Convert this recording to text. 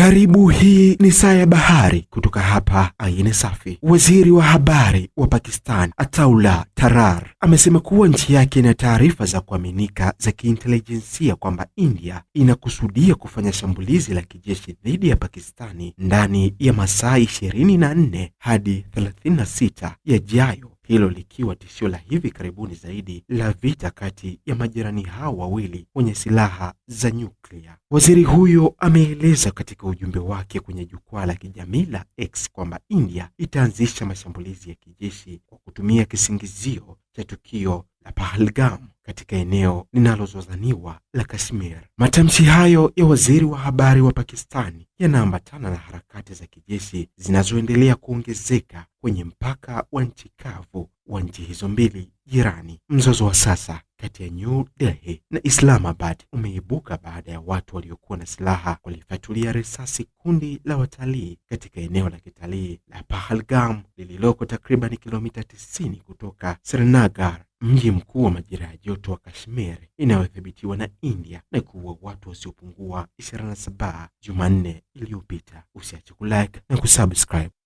Karibu, hii ni Saa ya Bahari kutoka hapa Ayin Safi. Waziri wa habari wa Pakistan Ataullah Tarar amesema kuwa nchi yake ina taarifa za kuaminika za kiintelijensia kwamba India inakusudia kufanya shambulizi la kijeshi dhidi ya Pakistani ndani ya masaa 24 hadi 36 yajayo hilo likiwa tishio la hivi karibuni zaidi la vita kati ya majirani hao wawili wenye silaha za nyuklia. Waziri huyo ameeleza katika ujumbe wake kwenye jukwaa la kijamii la X kwamba India itaanzisha mashambulizi ya kijeshi kwa kutumia kisingizio cha tukio la Pahalgam katika eneo linalozozaniwa la Kashmir. Matamshi hayo ya waziri wa habari wa Pakistani yanaambatana na harakati za kijeshi zinazoendelea kuongezeka kwenye mpaka wa nchi kavu wa nchi hizo mbili jirani. Mzozo wa sasa kati ya New Delhi na Islamabad umeibuka baada ya watu waliokuwa na silaha walifyatulia risasi kundi la watalii katika eneo la kitalii la Pahalgam lililoko takriban kilomita tisini kutoka Srinagar, mji mkuu wa majira ya joto wa Kashmir inayodhibitiwa na India na kuua watu wasiopungua 27 Jumanne iliyopita. Usiache kulike na kusubscribe.